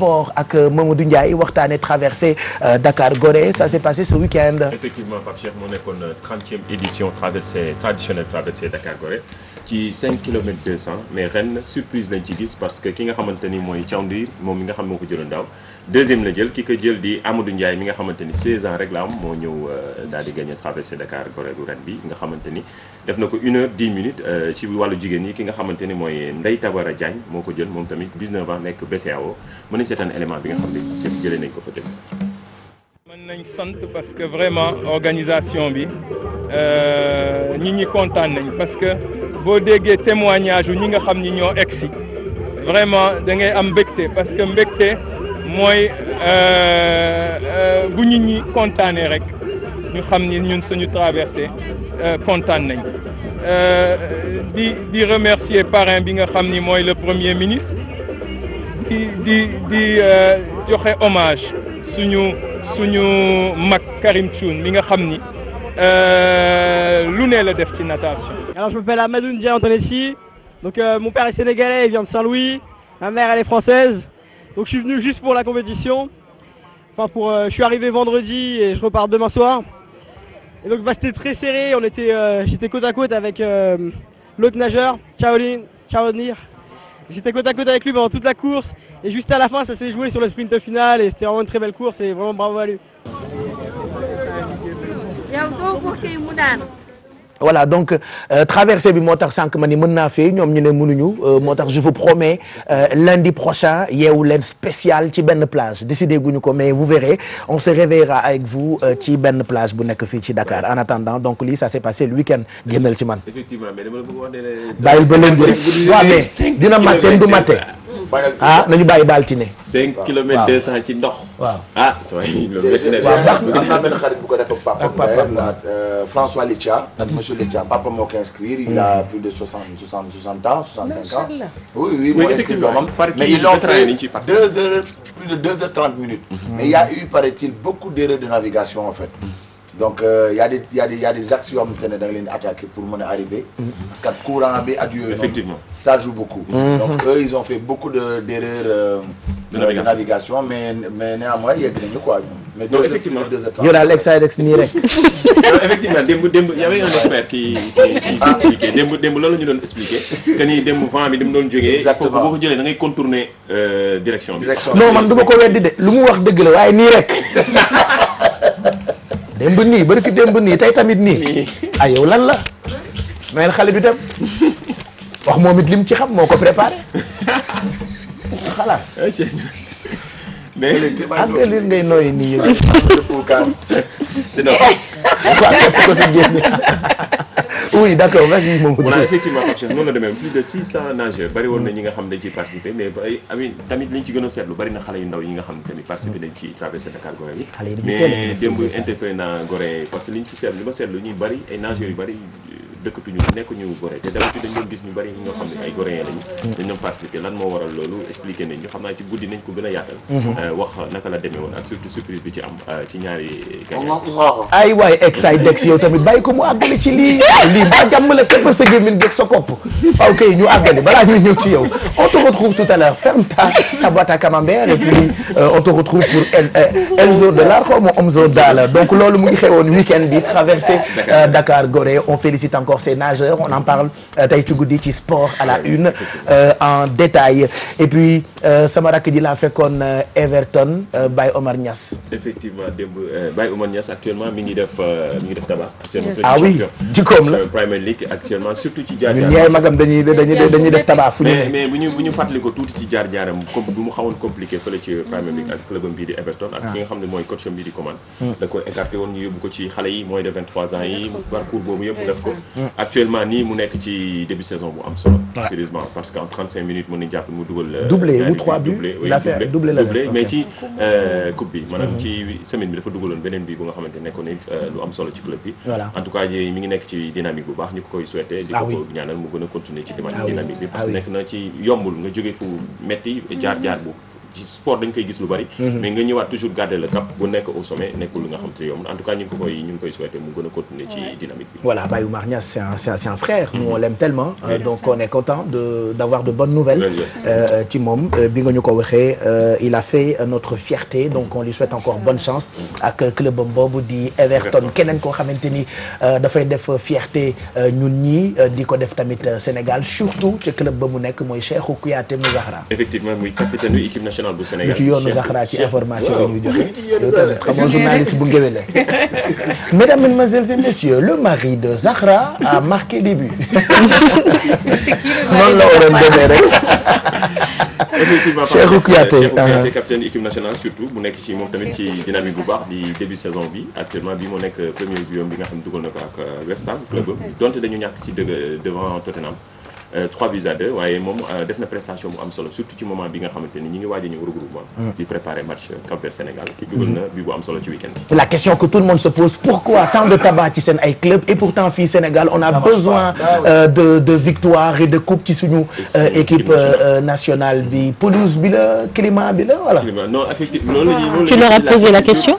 sport ak euh, Mamadou Ndiaye waxtaane traversée euh, Dakar Gorée ça s'est passé ce week-end. effectivement Pape Cheikh moo nekkoon 30e euh, édition traversée traditionnelle traversée Dakar Gorée ci 5 kilomètres 200 mais ren surprise lañ ci gis parce que ki nga xamante ni mooy Thiaw Ndir moom mi nga xam moo ko jëloon daaw. deuxième la jël ki ko jël di Amadou Ndiaye mi nga xamante ni 16 ans rek la am moo ñëw euh, daal di gagné traversé Dakar Gorélu ren nga xamante ni def na ko 1 heure 10 minutes euh, ci wàllu jigéen ñi ki nga xamante ni mooy Ndeye Tabara Diagne moo ko jël moom tamit 19 ans nekk BCAO mën nañu seetaan élément bi nga xam ne jëlee nañ ko fa tëj. nañ sant parce que vraiment organisation bi ñi euh, ñi kontaan nañ parce que boo déggee témoignage yu ñi nga xam ni ñoo egg si vraiment da am mbégte parce que mbégte. mooy euh, euh, bu nit ñi kontaanee rek ñu xam ni ñun suñu traversée euh, kontaan nañ di di remercier parrain bi nga xam ni mooy le premier ministre di di di joxe hommage suñu suñu mag Karim Thioune mi nga xam ni lu ne la def ci natation. alors je m'appelle Amadou Ndiaye Antonessi donc mon père est sénégalais il vient Saint-Louis ma mère est française. Donc je suis venu pour la compétition. Enfin euh, je suis arrivé vendredi et je repars demain soir. Et donc bah, très serré. Euh, j'étais côte à côte avec euh, l'autre nageur, Chaolin, Chaolnir. J'étais côte à côte avec lui pendant toute la course. Et juste à la fin, ça joué sur le sprint final. Et c'était vraiment une très belle course. Et vraiment bravo à lui. voilà donc euh, traversée bi moo tax sànq ma ni mën naa fee ñoom ñu ne mënuñu euh, moo tax je vous promets euh, lundi prochain yeewu leen spécial ci benn plage décidé guñu ko mais vous verrez on se réveillera avec vous ci benn plage bu nekk fii ci Dakar en attendant donc lii ça s'est passé le week-end génnal ci man. effectivement mais lundi rek waaw matin du matin. ah nañu bàyyi Baltine. 5 kilomètres 200 ci ndox. waaw ah soo loolu am naa benn xarit bu ko def ak papa euh, François Litia. Ah. monsieur Litia papa moo inscrire. il a hmm. plus de 60 60 60 ans 65 ans. oui oui moo inscrit mais ils l'ont fait 2 heures plus minutes. Hmm. mais il y a eu paraît-il beaucoup d'erreurs de navigation en fait. donc euh, y a des y a des y a des axes yoo leen attaqué pour mën a arriver. parce que courant bi ak effectivement ça joue beaucoup. Mhm. donc ils ont fait beaucoup de d'erreurs. Euh, de, navigation mais néanmoins yegg nañu quoi ñoom. mais deux effectivement deux heures nii rek. effectivement démb démb y avait un qui qui qui ah. la ñu doon expliqué que ni démb vent bi boo ko jëlee ngay contourner euh, direction bi. non man du ma ko weddi de lu mu wax dëgg la waaye nii rek. démb nii bari ki démb nii tey tamit nii ay ah, yow lan la noyel xale bi dem wax moom it lim ci xam moo ko préparé xalaas mais ak li ngay nooy nii yëpp. waaw ko si génne oui d' accord vas-y effectivement Pape Cheikh noonu la demee plus de 600 nageurs bari woon na ñi nga xam dañ ciy participer mais ay ami tamit li ñu ci gën seetlu bari na xale yu ndaw yi nga xam ne tamit participer dañ ci traversé Dakar Gorée bi. xale yi mais démb interpellé naa Gorée parce que li ñu ci seetlu li ma seetlu ñuy bari ay yu bari. dëkkatuñu nekkuñu Gorée te d'habitude dañ doon gis ñu bari ñoo xam ne ay Goréens lañu. Mm. ñu xam naa ci guddi nañ ko gën a yaatal. Mm-hmm. Euh, wax naka la demee woon ak surtout surprise bi ci am euh, ci ñaari. gagnants ay waay ex yow tamit bàyyi ko mu àggale ci lii lii ba jàmm la képp sa gémmiñ geeg sa kopp ñu àggale balaa ñuy ñëw ci yow on te retrouve tout à l'heure ferme ta ta boîte camembert et euh, on te retrouve pour Elzo de l'art xaw ma Omzo Dollar donc loolu mu ngi xewoon week encore ces nageurs on en parle euh, tey ci guddi ci sport à la une euh, en détail et puis euh, sama rakk ji laa fekkoon Everton Baye Omar Niass. effectivement démb Baye Omar Niass actuellement ah magam dañuy def tabac fu ñu ne. mais bu ñu fàttali ko tuuti ci jaar jaaram bu mu xawoon compliqué fële ci Premier League ak club am Everton. ak ki nga ah. xam ne mooy coach am bii hmm. woon ñu yóbbu ko ci xale yi mooy de ans yi parcours boobu yëpp def ko. actuellement nii mu nekk ci début saison bu am solo. sérieusement parce que en 35 minutes mën nañu jàpp mu dugal. Euh, doublé ou trois buts la mais ci euh, coupe bi. maanaam mhm. ci semaine bi dafa dugaloon beneen bi bu nga xamante nekkoon euh, lu am solo ci club bi. en tout cas mi ngi nekk ci dynamique bu baax ñu ko koy souhaité. di ah ko ko ñaanal mu gën a continuer ci ah dynamique bi. Ah parce que nekk na ci yombul nga jóge fu metti jaar jaar bu. Mhm. ci sport dañ koy gis lu bari. Mhm. mais nga ñëwaat toujours garder le cap bu nekk au sommet nekkul li nga xam te mu gën a continuer ci dynamique bi. voilà Baye Oumar Niass c'est un frère. Mhm. nous on l'aime tellement. donc on est content d'avoir de bonnes nouvelles. Euh, ci moom euh, bi nga ñu ko waxee euh, il a fait notre fierté donc on lui souhaite encore bonne chance. ak club boobu di Everton keneen koo xamante ni dafay def fierté ñu ñii di ko def tamit Sénégal surtout ci club ba mu nekk mooy Cheikhou Kouyaté Moussahra. national bu Sénégal lu ci yoonu Zahra ci information yi ñu joxe. yow tamit xamoo journaliste bu ngéwéle. mesdames mesdemoiselles et messieurs le mari de Zahra a marqué des buts. noonu la waroon demee rek. effectivement Cheikhou Kouyaté ah. capitaine équipe nationale surtout bu nekk ci moom tamit ci dynamique bu baax di début saison bi actuellement bi moo nekk premier bi yoon bi nga xam ne dugal na ko ak euh, West Ham club donte ñàkk ci dëgg devant Tottenham. 3 euh, buts à 2 waaye moom euh, def na prestation bu am solo surtout ci moment bi nga xamante ni ñi ngi waaj a ñëw regroupement ci hmm. préparer match euh, Cap Vert Sénégal dugal na hmm. bi bu am solo ci week-end la question que tout le monde se pose pourquoi tant de tabac ci seen ay club et pourtant fii Sénégal on a besoin ah euh, de de victoire et de coupe ci suñu équipe nationale bi pelouse bi la climat bi la voilà non effectivement ci leur a posé la question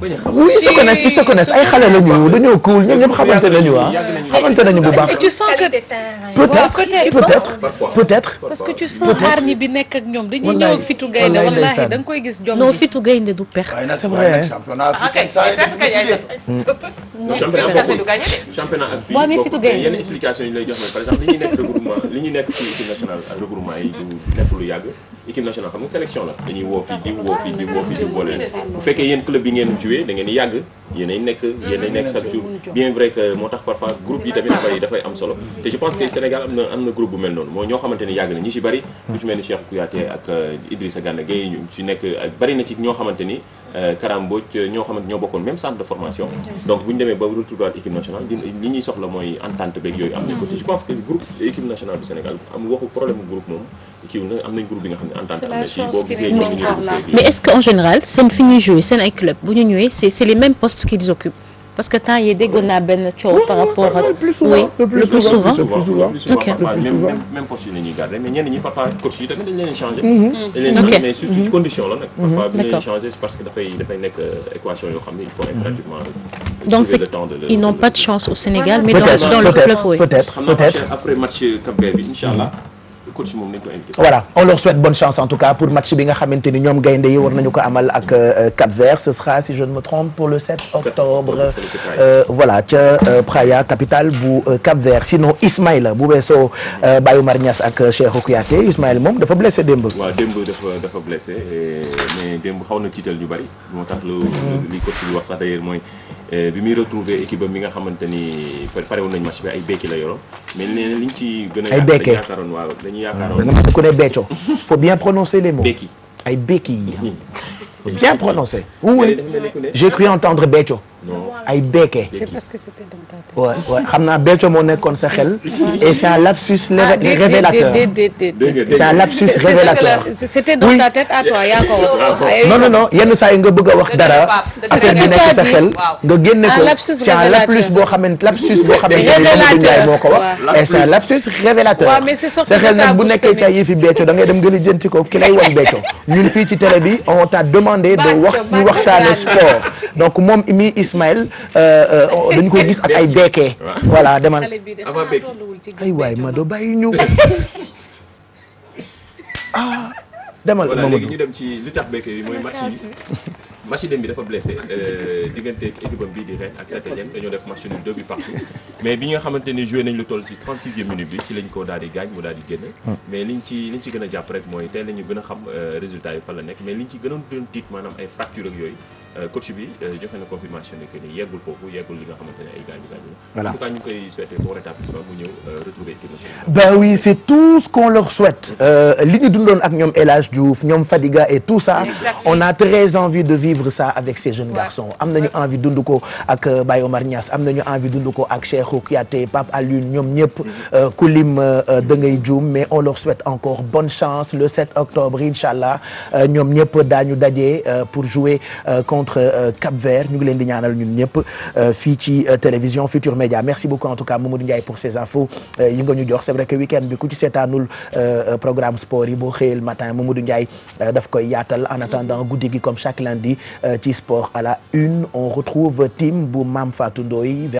oui ils se connaissent ils se connaissent ay xale la ñu dañoo cool ñoom ñëpp xamante nañu ah. xamante bu baax. tu que peut-être peut-être parce que tu sens hargne bi nekk ak ñoom dañuy ñëw ak fitu gaynde wallaahi da nga koy gis jom non fitu gaynde du perte. c'est vrai. boo amee ah, hmm. fitu gaynde yenn lay jox par exemple li ñuy nekk regroupement li ñuy du nekk lu yàgg. équipe nationale xam nga sélection la dañuy woo fii di woo fii di woo fii di woo leen bu fekkee yi ngeen joué da ngeen di yàgg yéenay nekk yéenay nekk chaque bien vrai que moo tax na am na groupe ñoo xamante yàgg na ñu si bari ku ci mel ni Cheikh Kouyaté ak euh, Idrissa Gana Gueye ñu si nekk bari na ci ñoo xamante ni euh, ñoo xamante ñoo bokkoon même centre formation donc bu ñu demee ba retrouver équipe nationale li ñuy soxla mooy entente beeg yooyu am na kiiw na am nañ groupe bi nga xam ne entente am na ci boo gisee ñoom ñu mais est-ce que en général seen fi ñuy jouer seen ay club bu ñu ñëwee c'est c'est les mêmes postes qu'ils occupent parce que temps yii déggoon naa benn coow par rapport ak. oui le plus souvent ok même même poste yi la ñuy garder mais ñenn ñi parfois coach yi tamit dañ leen changer. Mm-hmm. dañ leen changer mais surtout ci mm-hmm. condition la nag. parfois bu ñu leen changer c'est parce que dafay dafay nekk euh, équation yoo xam ne il faut être mm-hmm. pratiquement. Euh, donc c'est ils n'ont pas de chance au Sénégal. mais dans dans le club peut-être peut-être peut-être après match Cap Vert bi inch'Allah. coach moom nañ ko invité. voilà on leur souhaite bonne chance en tout cas pour match bi nga xamante ni ñoom gaynde yi war nañu ko amal ak euh, euh, Cap-Vert ce sera si je ne me trompe pour le octobre euh, voilà ca Praia capitale bu Cap-Vert sinon Ismaïla bu weesoo Baye Oumar Niass ak Cheikhou Kouyaté Ismaïla moom dafa blessé démb. xaw na tiital ñu bari moo tax lu mm-hmm. Eh, bi muy retrouver équipe am bi nga xamante ni pare woon nañu match ay bekki la yoroon mais nee na li ñu ci gën a ay bekkee yaakaaroon waaw dañuy yaakaaroon ah, danga ko ne becco faut bien prononcer les mots bekki ay bekki yi faut bien prononcer oui j'ai cru entendre becco ay bekke. c'est parce que c'était dans ta xam naa becco moo nekkoon sa xel. et c'est un lapsus révélateur. c'est un lapsus révélateur. c'était dans ta ah, non non non yenn saa yi nga bëgg a wax dara. affaire bi nekk sa xel. nga génne ko c'est un lapsus boo xamante lapsus boo xamante ne Mamadou Ndiaye moo ko wax. et c'est un lapsus révélateur. sa xel nag bu nekkee ca yi fi becco da ngay dem nga lijjanti ko ki lay wan bi t'a demandé de wax ñu waxtaane sport is Ismaël euh, euh, dañu ko gis ak ay beekee. voilà demal ah, demal Mamadou léegi ñu dem ci li tax beekee yi mooy match yi. match dem bi dafa blessé euh, diggante nga xamante ni joué nañ lu toll ci 36e minute bi ci lañ ko daal di gaañ mu daal di génn. Hmm. mais liñ ci liñ ci gën a jàpp rek mooy tey la ñu gën a xam résultat yi fan la nekk mais liñ ci gënoon doon tiit maanaam ay fracture ak yooyu. Euh, coach bi euh, joxe na confirmation ne que ni yeggul foofu yeggul li nga xamante ne ay gaañu gaañu voilà en tout cas ñu ngi koy souhaité bon rétablissement bu ñëw euh, retrouver équipe nationale. ben oui c' est tout ce qu'on leur souhaite. li ñu dundoon ak ñoom El Hadj Diouf ñoom Fadiga et tout ça. Exactement. on a très envie de vivre ça avec ces jeunes ouais. garçons. am nañu envie dund ko ak Baye Omar Niass am nañu envie dund ko ak Cheikhou Kouyaté Pape Alioune ñoom ñëpp. Mhm. Kulim da ngay juum mais on leur souhaite encore bonne chance le 7 octobre incha allah ñoom ñëpp daañu daje pour jouer. contre euh, Cap Vert ñu ngi leen di ñaanal ñun ñëpp euh, fii ci euh, télévision Futur Média merci beaucoup en tout cas Mamadou Ndiaye pour ces infos yi nga ñu jox c'est vrai que week bi ku ci seetaanul programme sport yi boo xëyal matin Mamadou Ndiaye daf koy yaatal en attendant guddi gi comme chaque lundi ci sport à la une on retrouve team bu Mame Fatou Ndoye